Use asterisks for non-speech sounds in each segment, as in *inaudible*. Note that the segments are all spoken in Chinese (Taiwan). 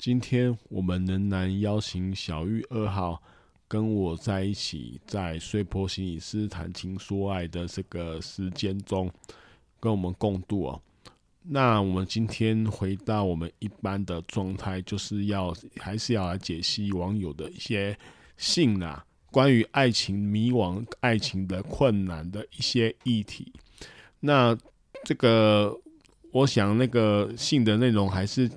今天我們仍然邀請小玉二號跟我在一起，在穗波心理師談情說愛的這個時間中，跟我們共度哦。那我們今天回到我們一般的狀態，就是要還是要來解析網友的一些信啊，關於愛情迷惘、愛情的困難的一些議題。那這個，我想那個信的內容還是。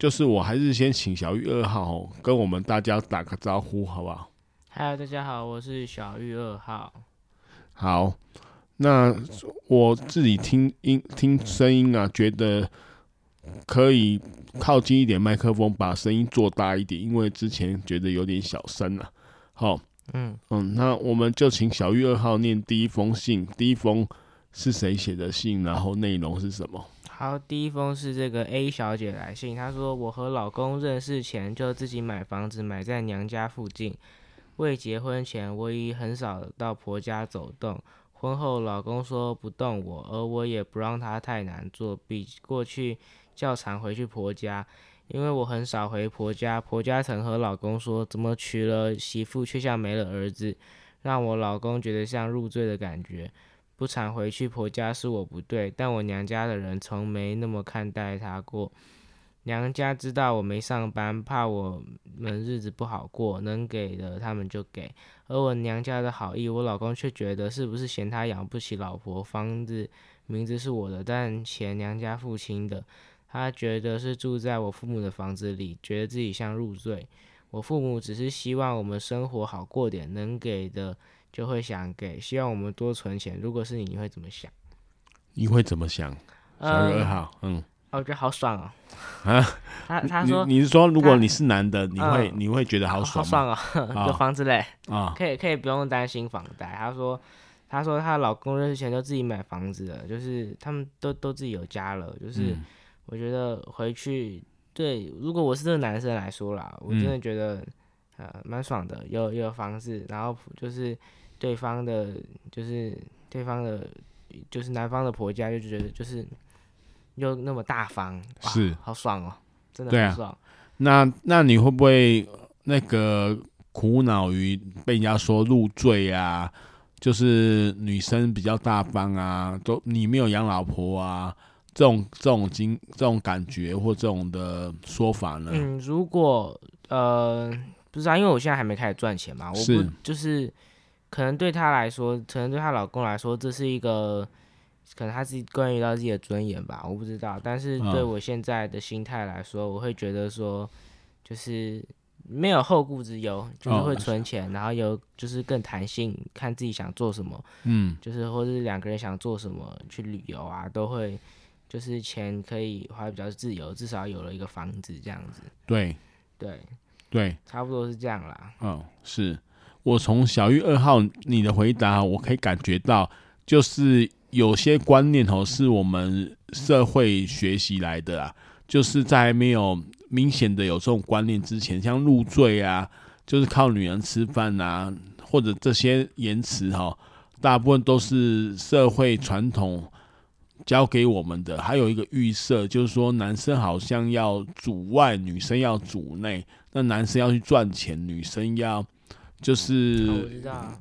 就是我還是先請小玉二號跟我們大家打個招呼，好不好？Hello，大家好，我是小玉二號。好，那我自己聽音聽聲音啊，覺得可以靠近一點麥克風，把聲音做大一點，因為之前覺得有點小聲了啊。好，嗯嗯，那我們就請小玉二號念第一封信。第一封是誰寫的信？然後內容是什麼？好，第一封是這個 A 小姐來信，她說我和老公認識前就自己買房子，買在娘家附近。未結婚前，我已很少到婆家走動。婚後，老公說不動我，而我也不讓他太難做，比過去較常回去婆家。因為我很少回婆家，婆家曾和老公說，怎麼娶了媳婦卻像沒了兒子，讓我老公覺得像入贅的感覺。不常回去婆家是我不對，但我娘家的人從沒那麼看待他過。娘家知道我沒上班，怕我們日子不好過，能給的他們就給。而我娘家的好意，我老公卻覺得是不是嫌他養不起老婆？房子名字是我的，但錢娘家付清的。他覺得是住在我父母的房子裡，覺得自己像入贅。我父母只是希望我們生活好過點，能給的。就會想給，希望我們多存錢。如果是你，你會怎麼想？你會怎麼想？小玉2號，呃、嗯、啊，我覺得好爽哦、喔。啊，他他說你是說，如果你是男的，你會、嗯、你會覺得好爽好爽哦、喔，有房子嘞，啊，可以可以不用擔心房貸、啊。他說他說，她老公認識前都自己買房子了，就是他們都都自己有家了。就是我覺得回去對，如果我是這個男生來說啦，我真的覺得、嗯。呃，蠻爽的，有有房子，然後就是對方的，就是對方的，就是男方的婆家就覺得就是又那麼大方，是好爽哦，真的好爽。啊、那那你會不會那個苦惱於被人家說入贅啊？就是女生比較大方啊，都你沒有養老婆啊，這種這種經這種感覺或這種的說法呢？嗯，如果呃。不知道啊，因為我現在還沒開始賺錢嘛，我不是就是可能對她來說，可能對她老公來說，這是一個可能他自己關於到自己的尊嚴吧，我不知道。但是對我現在的心態來說，哦，我會覺得說，就是沒有後顧之憂，就是會存錢，哦，然後有就是更彈性，看自己想做什麼，嗯，就是或者兩個人想做什麼去旅遊啊，都會就是錢可以花比較自由，至少有了一個房子這樣子。對對。對，差不多是這樣啦。嗯，是，我從小玉二號你的回答，我可以感覺到，就是有些觀念哦，是我們社會學習來的啦。就是在沒有明顯的有這種觀念之前，像入贅啊，就是靠女人吃飯啊，或者這些言辭哈，大部分都是社會傳統。交給我們的還有一個預設，就是說男生好像要主外，女生要主內。那男生要去賺錢，女生要就是，啊、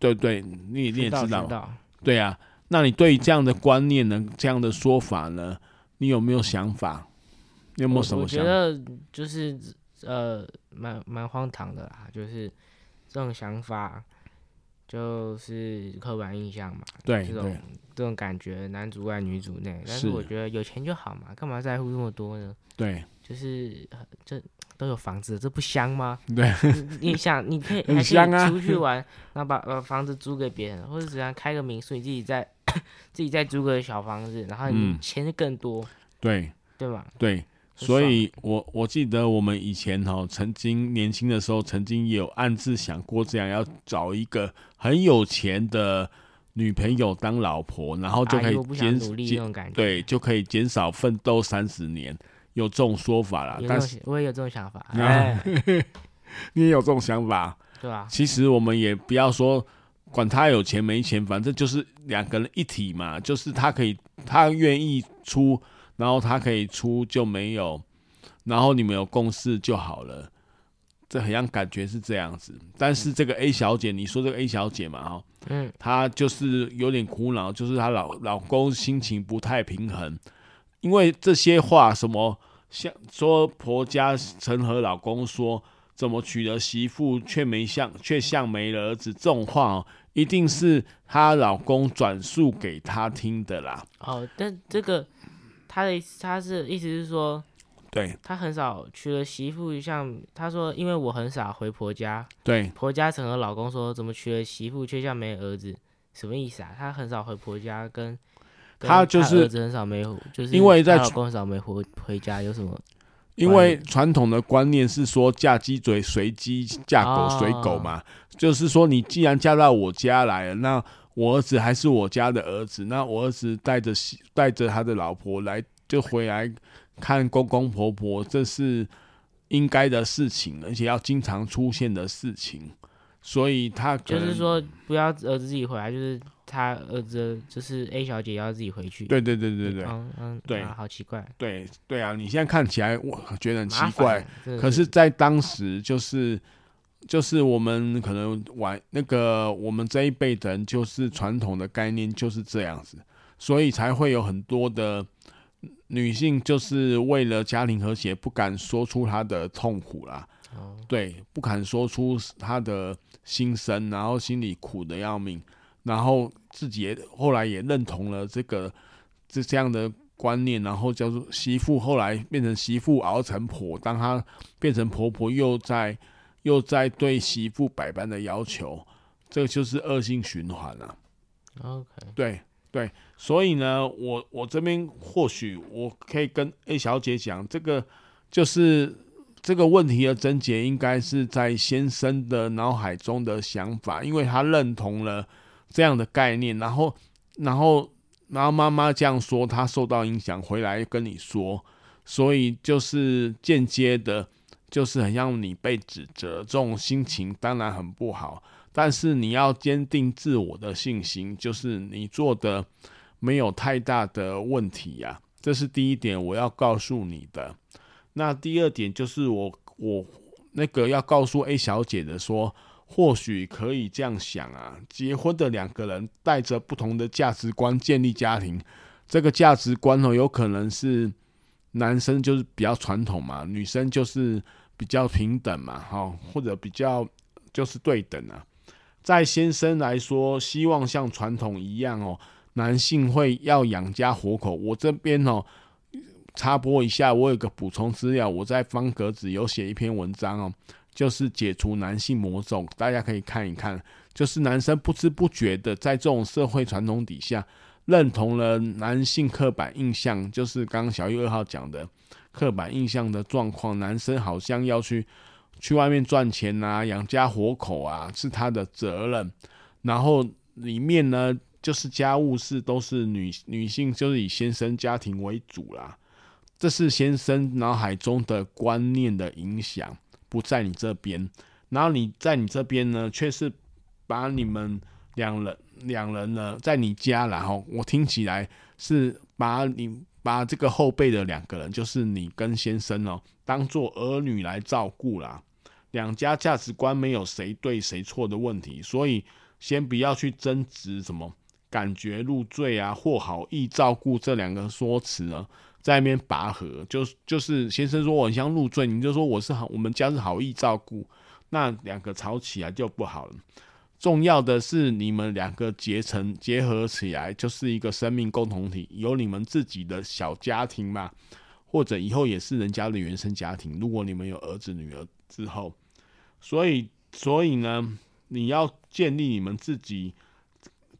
對對，你也你也知道，知道知道，對啊。那你對於這樣的觀念呢，這樣的說法呢，你有沒有想法？有沒有什麼想法？我，我覺得就是呃，蠻蠻荒唐的啊，就是這種想法。就是刻板印象嘛，對這種對這種感覺，男主外女主內。但是我覺得有錢就好嘛，幹嘛在乎那麼多呢？對，就是、呃、這都有房子，這不香嗎？對，就是、你想，你可以， *laughs* 很香、啊、以出去玩，那把把、呃、房子租給別人，或者直接開個民宿，你自己在自己再租個小房子，然後你錢就更多、嗯。對，對吧？對。所以我，我我記得我們以前哈、喔，曾經年輕的時候，曾經也有暗自想過這樣，要找一個很有錢的女朋友當老婆，然後就可以減努力這種感覺對，就可以減少奮鬥三十年，有這種說法啦，但是我也有這種想法，啊欸、 *laughs* 你也有這種想法，對啊？其實我們也不要說管他有錢沒錢，反正就是兩個人一體嘛，就是他可以，他願意出。然後他可以出就沒有，然後你們有共識就好了，這好像感覺是這樣子。但是這個 A 小姐，你說這個 A 小姐嘛、哦，哈，嗯，她就是有點苦惱，就是她老老公心情不太平衡，因為這些話什麼像說婆家曾和老公說，怎麼娶了媳婦卻沒像卻像沒了兒子這種話、哦，一定是她老公轉述給她聽的啦。哦，但這個。他的意思他是意思是說，對他很少娶了媳婦像他說，因為我很少回婆家。對婆家曾和老公說，怎麼娶了媳婦卻像沒兒子，什麼意思啊？他很少回婆家跟，跟，他就是很少沒，就是因為在老公很少沒回回家有什麼？因為傳統的觀念是說嫁雞隨隨雞，嫁狗隨狗嘛，就是說你既然嫁到我家來了，那。我兒子還是我家的兒子，那我兒子帶着帶着他的老婆來，就回來看公公婆婆，這是應該的事情，而且要經常出現的事情，所以他就是說不要兒子自己回來，就是他兒子就是 A 小姐要自己回去。對對對對對，嗯嗯，對嗯嗯、啊，好奇怪，對對啊，你現在看起來我覺得很奇怪，啊、是可是在當時就是。就是我們可能玩那個，我們這一輩人就是傳統的概念就是這樣子，所以才會有很多的女性，就是為了家庭和諧不敢說出她的痛苦啦，對，不敢說出她的心聲，然後心裡苦得要命，然後自己也後來也認同了這個這這樣的觀念，然後叫做媳婦，後來變成媳婦熬成婆，當她變成婆婆又在。又在對媳婦百般的要求，這個就是惡性循環了啊。OK，對對，所以呢，我我這邊或許我可以跟 A 小姐講，這個就是這個問題的症結，應該是在先生的腦海中的想法，因為他認同了這樣的概念，然後然後然後媽媽這樣說，他受到影響，回來跟你說，所以就是間接的。就是很讓你被指責，這種心情當然很不好。但是你要堅定自我的信心，就是你做的沒有太大的問題呀、啊。這是第一點我要告訴你的。那第二點就是我我那個要告訴 A 小姐的說，或許可以這樣想啊，結婚的兩個人帶着不同的價值觀建立家庭，這個價值觀哦、喔、有可能是。男生就是比較傳統嘛，女生就是比較平等嘛，哈，或者比較就是對等啊。在先生來說，希望像傳統一樣哦，男性會要養家活口。我這邊哦，插播一下，我有個補充資料，我在方格子有寫一篇文章哦，就是解除男性魔咒，大家可以看一看。就是男生不知不覺的在這種社會傳統底下。認同了男性刻板印象，就是剛小玉二號講的刻板印象的狀況，男生好像要去去外面賺錢啊，養家活口啊，是他的責任。然後裡面呢，就是家務事都是女女性，就是以先生家庭為主啦。這是先生腦海中的觀念的影響，不在你這邊。然後你在你這邊呢，卻是把你們兩人。兩人呢，在你家啦，然後，哦，我聽起來是把你把這個後輩的兩個人，就是你跟先生哦，當做兒女來照顧啦。兩家價值觀沒有誰對誰錯的問題，所以先不要去爭執什麼感覺入贅啊，或好意照顧這兩個說辭呢，在那邊拔河。就就是先生說我很想入贅，你就說我是好，我們家是好意照顧，那兩個吵起來就不好了。重要的是，你們兩個結成結合起來，就是一個生命共同體。有你們自己的小家庭嘛，或者以後也是人家的原生家庭。如果你們有兒子女兒之後，所以所以呢，你要建立你們自己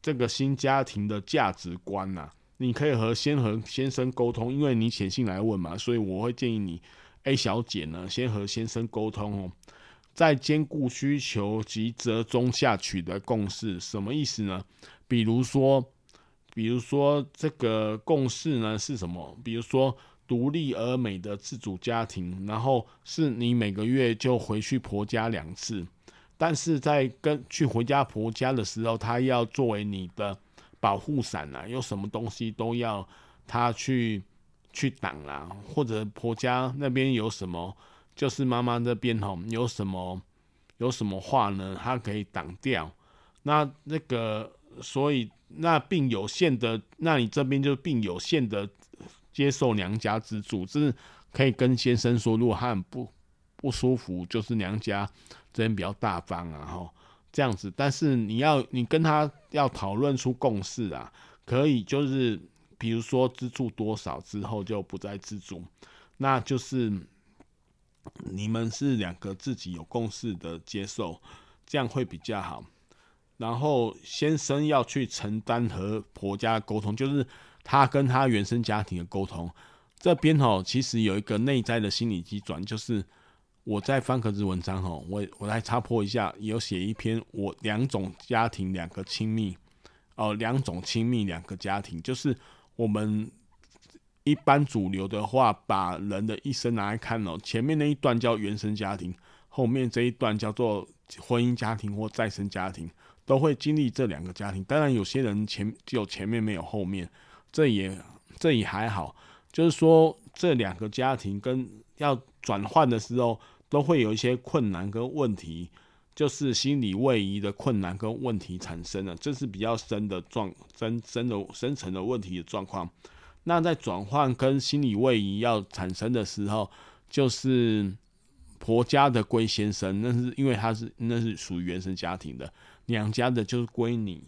這個新家庭的價值觀吶。你可以和先和先生溝通，因為你寫信來問嘛，所以我會建議你，A 小姐呢，先和先生溝通哦。在兼顧需求及折中下取得共識，什麼意思呢？比如說，比如說這個共識呢是什麼？比如說獨立而美的自主家庭，然後是你每個月就回去婆家兩次，但是在跟去回家婆家的時候，他要作為你的保護傘啊，有什麼東西都要他去去擋啊，或者婆家那邊有什麼？就是媽媽這邊吼有什麼有什麼話呢？她可以擋掉。那那個，所以那並有限的，那你這邊就並有限的接受娘家資助，就是可以跟先生說，如果他很不不舒服，就是娘家這邊比較大方啊，吼這樣子。但是你要你跟他要討論出共識啊，可以就是比如說資助多少之後就不再資助，那就是。你們是兩個自己有共識的接受，這樣會比較好。然後先生要去承擔和婆家溝通，就是他跟他原生家庭的溝通。這邊哦，其實有一個內在的心理機轉，就是我在方格子文章哦，我我來插播一下，有寫一篇我兩種家庭兩個親密哦、呃，兩種親密兩個家庭，就是我們。一般主流的話，把人的一生拿來看哦，前面那一段叫原生家庭，後面這一段叫做婚姻家庭或再生家庭，都會經歷這兩個家庭。當然，有些人前只有前面沒有後面，這也這也還好。就是說，這兩個家庭跟要轉換的時候，都會有一些困難跟問題，就是心理位移的困難跟問題產生了，這、就是比較深的狀深深的深層的問題的狀況。那在轉換跟心理位移要產生的時候，就是婆家的歸先生，那是因為他是那是屬於原生家庭的，娘家的就是歸你，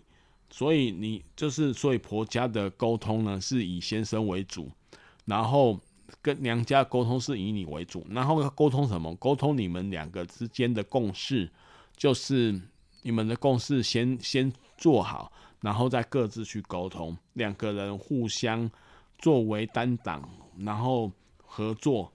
所以你就是，所以婆家的溝通呢，是以先生為主，然後跟娘家溝通是以你為主，然後溝通什麼？溝通你們兩個之間的共識，就是你們的共識先先做好，然後再各自去溝通，兩個人互相。作為擔當，然後合作，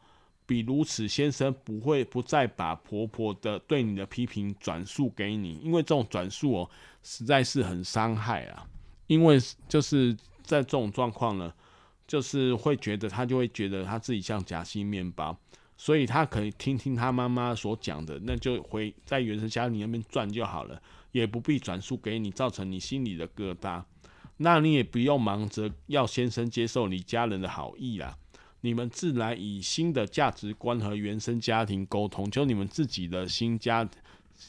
比如此先生不會不再把婆婆的對你的批評轉述給你，因為這種轉述哦，實在是很傷害啊。因為就是在這種狀況呢，就是會覺得他就會覺得他自己像夾心麵包，所以他可以聽聽他媽媽所講的，那就回在原生家庭那邊轉就好了，也不必轉述給你，造成你心裡的疙瘩。那你也不用忙着要先生接受你家人的好意啦，你們自然以新的價值觀和原生家庭溝通，就你們自己的新家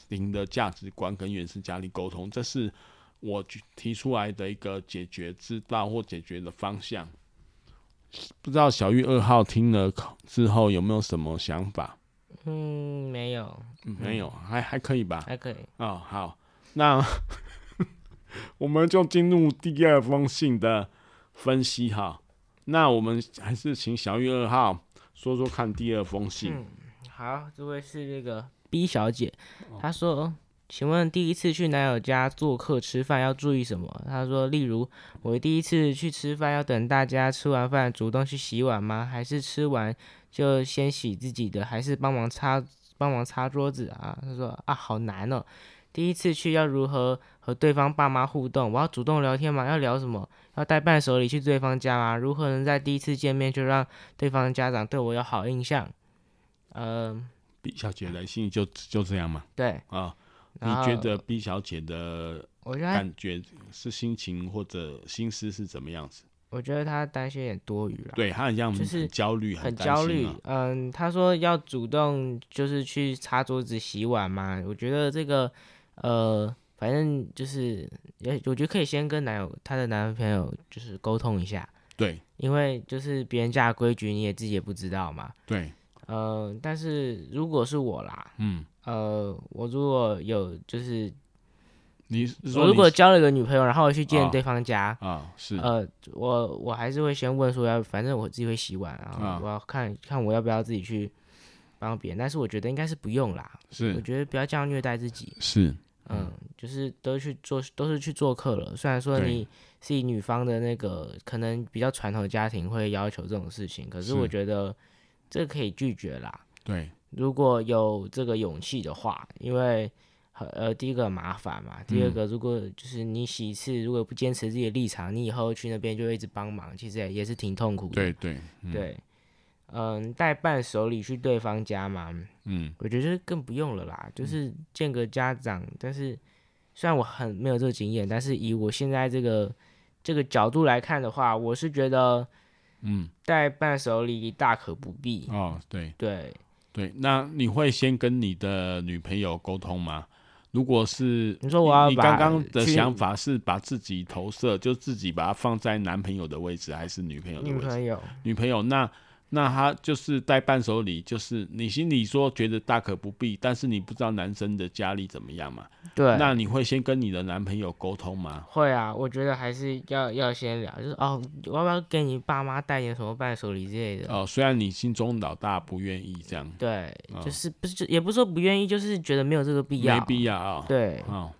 庭的價值觀跟原生家庭溝通，這是我提出來的一個解決之道或解決的方向。不知道小玉二號聽了之後有沒有什麼想法？嗯，沒有，嗯、沒有，還還可以吧？還可以。哦，好，那。我們就進入第二封信的分析哈。那我們還是請小玉二號說說看第二封信。嗯、好，這位是那個 B 小姐、哦，她說：“請問第一次去男友家做客吃飯要注意什麼？”她說：“例如我第一次去吃飯，要等大家吃完飯主動去洗碗嗎？還是吃完就先洗自己的？還是幫忙擦幫忙擦桌子啊？”她說：“啊，好難哦，第一次去要如何？”和對方爸媽互動，我要主動聊天嗎？要聊什麼？要帶伴手禮去對方家嗎？如何能在第一次見面就讓對方家長對我有好印象？嗯、呃、B 小姐的來信就就這樣嗎？對啊，你覺得 B 小姐的感覺是心情或者心思是怎麼樣子？我覺得她擔心也多餘了，對她很像我們就是焦慮，很焦慮。嗯、呃，她說要主動就是去擦桌子、洗碗嘛，我覺得這個，呃。反正就是，我我覺得可以先跟男友，她的男朋友就是溝通一下。對，因為就是別人家的規矩，你也自己也不知道嘛。對。呃，但是如果是我啦，嗯，呃，我如果有就是，你，你是我如果交了一個女朋友，然後去見對方家啊、哦哦，是，呃，我我還是會先問說要，反正我自己會洗碗啊，我要看、哦、看我要不要自己去幫別人，但是我覺得應該是不用啦，是，我覺得不要這樣虐待自己，是。嗯，就是都去做，都是去做客了。雖然說你是以女方的那個，可能比較傳統的家庭會要求這種事情，可是我覺得這可以拒絕啦。對，如果有這個勇氣的話，因為呃，第一個麻煩嘛、嗯，第二個如果就是你喜事，如果不堅持自己的立場，你以後去那邊就會一直幫忙，其實也是挺痛苦的。對對對。嗯對嗯、呃，帶伴手禮去對方家嘛，嗯，我覺得更不用了啦，就是見個家長。嗯、但是雖然我很沒有這個經驗，但是以我現在這個這個角度來看的話，我是覺得，嗯，帶伴手禮大可不必、嗯、哦，對對對，那你會先跟你的女朋友溝通嗎？如果是你說我要把你剛剛的想法是把自己投射，就自己把它放在男朋友的位置，還是女朋友的位置？女朋友。女朋友，那那他就是帶伴手禮，就是你心裡說覺得大可不必，但是你不知道男生的家裡怎麼樣嘛？對。那你會先跟你的男朋友溝通嗎？會啊，我覺得還是要要先聊，就是哦，我要不要給你爸媽帶點什麼伴手禮之類的？哦，雖然你心中老大不願意這樣。對，哦、就是不是也不是說不願意，就是覺得沒有這個必要。沒必要啊、哦。對。哦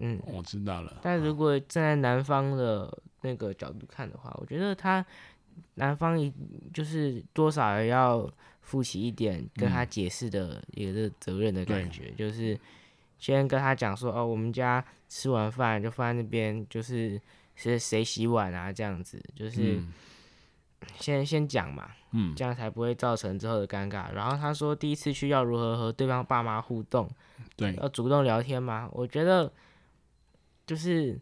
嗯。嗯，我知道了。但如果站在男方的那個角度看的話，啊、我覺得他。男方一，就是多少要負起一點跟他解釋的一個、這個責任的感覺、嗯，就是先跟他講說哦，我們家吃完飯就放在那邊，就是誰誰洗碗啊這樣子，就是先、嗯、先講嘛，嗯，這樣才不會造成之後的尷尬。然後他說第一次去要如何和對方爸媽互動，對，要主動聊天嗎？我覺得就是。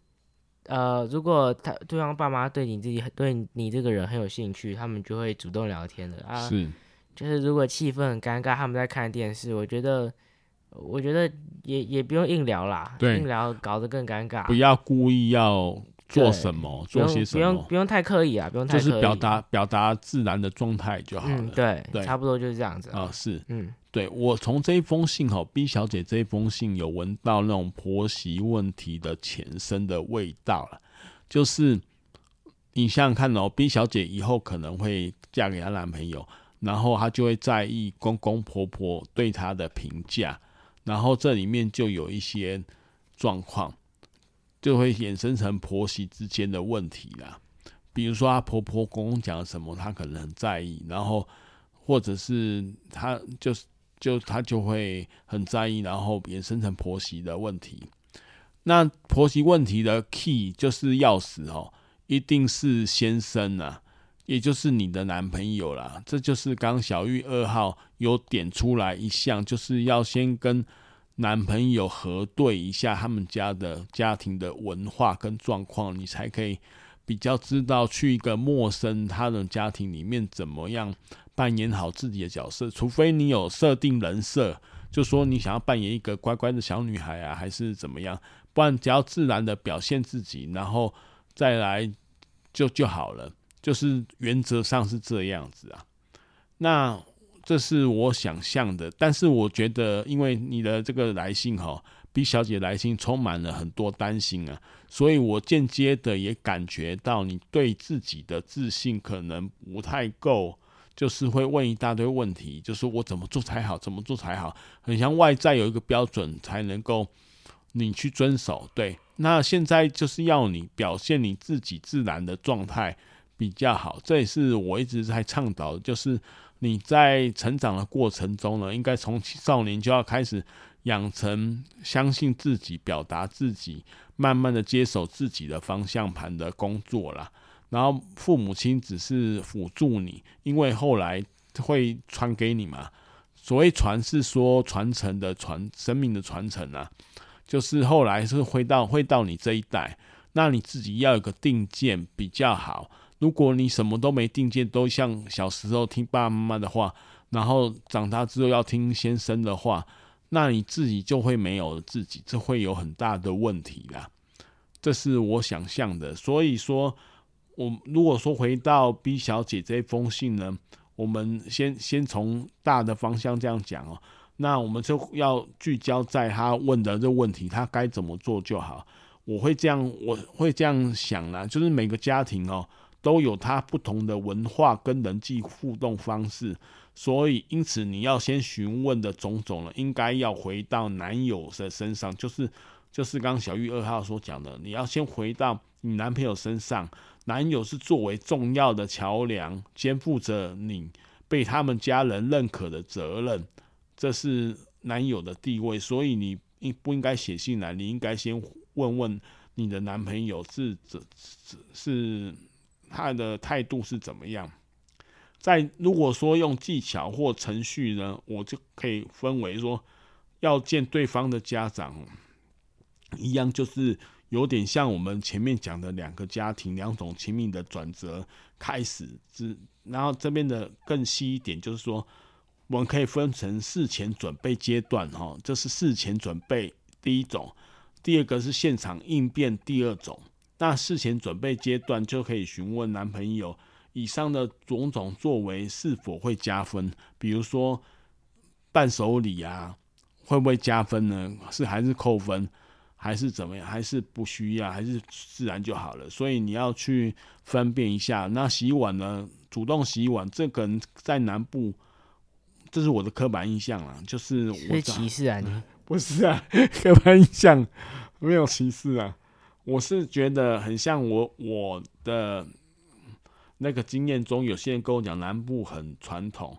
呃，如果他對方爸媽對你自己很對你這個人很有興趣，他們就會主動聊天的啊、呃。是，就是如果氣氛很尷尬，他們在看電視，我覺得我覺得也也不用硬聊啦，對，硬聊搞得更尷尬。不要故意要。做什麼？做些什麼？不用不用，不用太刻意啊，不用太刻意，就是表達表達自然的狀態就好了。嗯、對對，差不多就是這樣子啊、呃。是，嗯，對我從這一封信哈、喔、B 小姐這一封信有聞到那種婆媳問題的前身的味道了。就是你想想看哦、喔、B 小姐以後可能會嫁給她男朋友，然後她就會在意公公婆婆對她的評價，然後這裡面就有一些狀況。就會衍生成婆媳之間的問題啦，比如說她婆婆公公講什麼，她可能很在意，然後或者是她就是就她就會很在意，然後衍生成婆媳的問題。那婆媳問題的 key 就是鑰匙哦，一定是先生啊，也就是你的男朋友啦。這就是剛小玉二號有點出來一項，就是要先跟。男朋友核對一下他們家的家庭的文化跟狀況，你才可以比較知道去一個陌生他的家庭裡面怎麼樣扮演好自己的角色。除非你有設定人設，就說你想要扮演一個乖乖的小女孩啊，還是怎麼樣？不然只要自然的表現自己，然後再來就就好了。就是原則上是這樣子啊。那。這是我想象的，但是我覺得，因為你的這個來信哈，B 小姐來信充滿了很多擔心啊，所以我間接的也感覺到你對自己的自信可能不太夠，就是會問一大堆問題，就是我怎麼做才好，怎麼做才好，很像外在有一個標準才能夠你去遵守。對，那現在就是要你表現你自己自然的狀態比較好，這也是我一直在倡導的，就是。你在成長的過程中呢，應該從青少年就要開始養成相信自己、表達自己，慢慢的接手自己的方向盤的工作啦，然後父母親只是輔助你，因為後來會傳給你嘛。所謂傳是說傳承的傳，生命的傳承啊，就是後來是會到會到你這一代，那你自己要有個定見比較好。如果你什麼都沒定見，都像小時候聽爸爸媽媽的話，然後長大之後要聽先生的話，那你自己就會沒有自己，這會有很大的問題啦。這是我想象的。所以說，我如果說回到 B 小姐這封信呢，我們先先從大的方向這樣講哦。那我們就要聚焦在她問的這個問題，她該怎麼做就好。我會這樣，我會這樣想啦，就是每個家庭哦。都有他不同的文化跟人際互動方式，所以因此你要先詢問的種種了，應該要回到男友的身上，就是就是剛小玉二號所講的，你要先回到你男朋友身上，男友是作為重要的橋樑，肩負着你被他們家人認可的責任，這是男友的地位，所以你應不應該寫信來？你應該先問問你的男朋友，是是是。是他的態度是怎麼樣？再如果說用技巧或程序呢，我就可以分為說，要見對方的家長，一樣就是有點像我們前面講的兩個家庭兩種親密的轉折開始之，然後這邊的更細一點，就是說我們可以分成事前準備階段，哈，這是事前準備第一種，第二個是現場應變第二種。那事前準備階段就可以詢問男朋友以上的種種作為是否會加分，比如說伴手禮啊，會不會加分呢？是還是扣分，還是怎麼樣？還是不需要，還是自然就好了。所以你要去分辨一下。那洗碗呢？主動洗碗，這可能在南部，這是我的刻板印象啦。就是我被歧視啊你？你，嗯，不是啊？刻板印象沒有歧視啊。我是覺得很像我我的那個經驗中，有些人跟我講南部很傳統，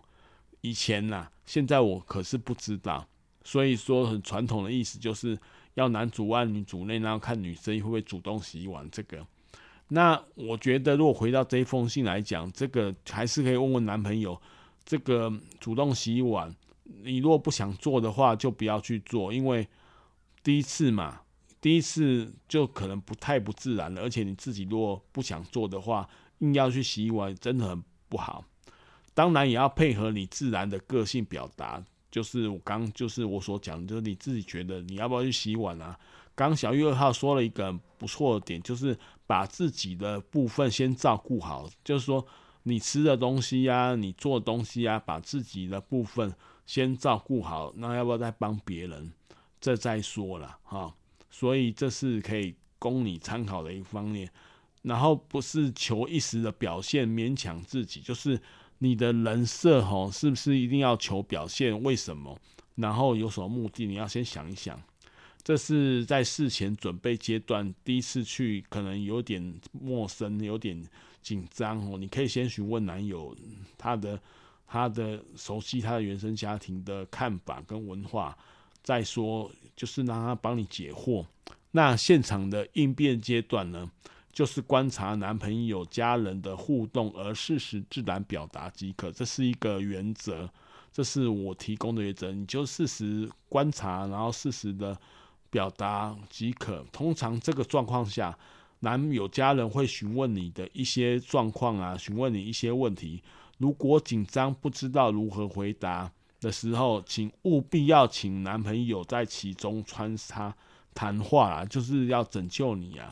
以前吶，現在我可是不知道。所以說很傳統的意思就是要男主外女主內，然後看女生會不會主動洗碗這個。那我覺得如果回到這一封信來講，這個還是可以問問男朋友。這個主動洗碗，你如果不想做的話，就不要去做，因為第一次嘛。第一次就可能不太不自然了，而且你自己如果不想做的話，硬要去洗碗，真的很不好。當然也要配合你自然的個性表達，就是我剛就是我所講，就是你自己覺得你要不要去洗碗啊？剛小玉二號說了一個不錯的點，就是把自己的部分先照顧好，就是說你吃的東西呀、啊，你做的東西呀、啊，把自己的部分先照顧好，那要不要再幫別人，這再說了哈。所以這是可以供你參考的一方面，然後不是求一時的表現勉強自己，就是你的人設吼，是不是一定要求表現？為什麼？然後有什麼目的？你要先想一想，這是在事前準備階段。第一次去可能有點陌生，有點緊張哦。你可以先詢問男友，他的他的熟悉他的原生家庭的看法跟文化。再說，就是讓他幫你解惑。那現場的應變階段呢，就是觀察男朋友家人的互動，而適時自然表達即可。這是一個原則，這是我提供的原則。你就適時觀察，然後適時的表達即可。通常這個狀況下，男友家人會詢問你的一些狀況啊，詢問你一些問題。如果緊張，不知道如何回答，的時候，請務必要請男朋友在其中穿插談話啦，就是要拯救你啊！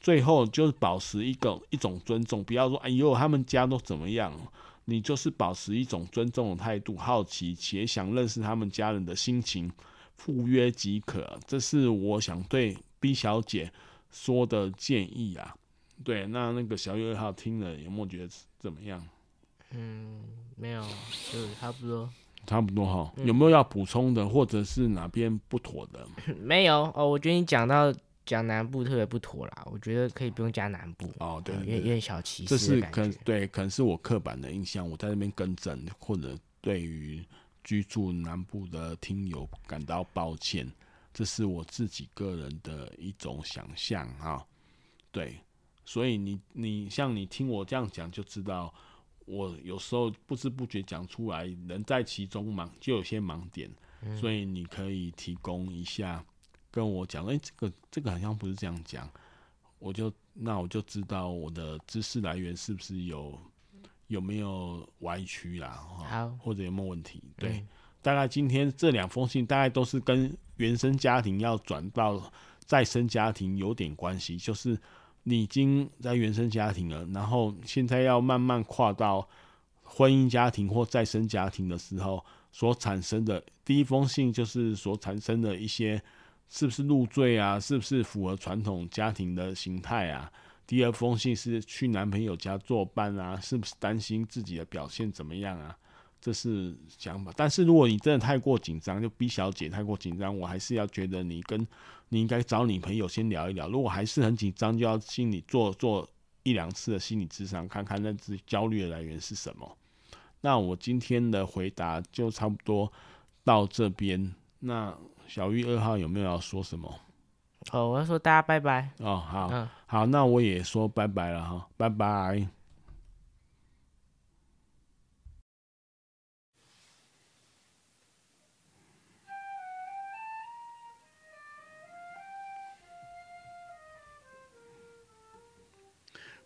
最後就是保持一個一種尊重，不要說哎呦他們家都怎麼樣喔，你就是保持一種尊重的態度，好奇且想認識他們家人的心情赴約即可啊。這是我想對 B 小姐說的建議啊。對，那那個小玉2號聽了有沒有覺得怎麼樣？嗯，沒有，就差不多。差不多哈，有沒有要補充的、嗯，或者是哪邊不妥的？沒有哦，我覺得你講到講南部特別不妥啦，我覺得可以不用加南部哦。對，對，對，也有點小歧視。這是可能，對，可能是我刻板的印象，我在那邊更正，或者對於居住南部的聽友感到抱歉，這是我自己個人的一種想象哈、哦。對，所以你你像你聽我這樣講就知道。我有時候不知不覺講出來，人在其中忙就有些盲點、嗯，所以你可以提供一下，跟我講，誒、欸，這個這個好像不是這樣講，我就那我就知道我的知識來源是不是有有沒有歪曲啦，哈，或者有沒有問題？對，嗯、大概今天這兩封信大概都是跟原生家庭要轉到再生家庭有點關係，就是。你已經在原生家庭了，然後現在要慢慢跨到婚姻家庭或再生家庭的時候，所產生的第一封信就是所產生的一些是不是入贅啊，是不是符合傳統家庭的形態啊？第二封信是去男朋友家作伴啊，是不是擔心自己的表現怎麼樣啊？這是想法，但是如果你真的太過緊張，就 B 小姐太過緊張，我還是要覺得你跟你應該找你朋友先聊一聊。如果還是很緊張，就要心裡做做一兩次的心理諮商，看看那自己焦慮的來源是什麼。那我今天的回答就差不多到這邊。那小玉二號有沒有要說什麼？哦，我要說大家拜拜。哦，好，嗯、好，那我也說拜拜了哈，拜拜。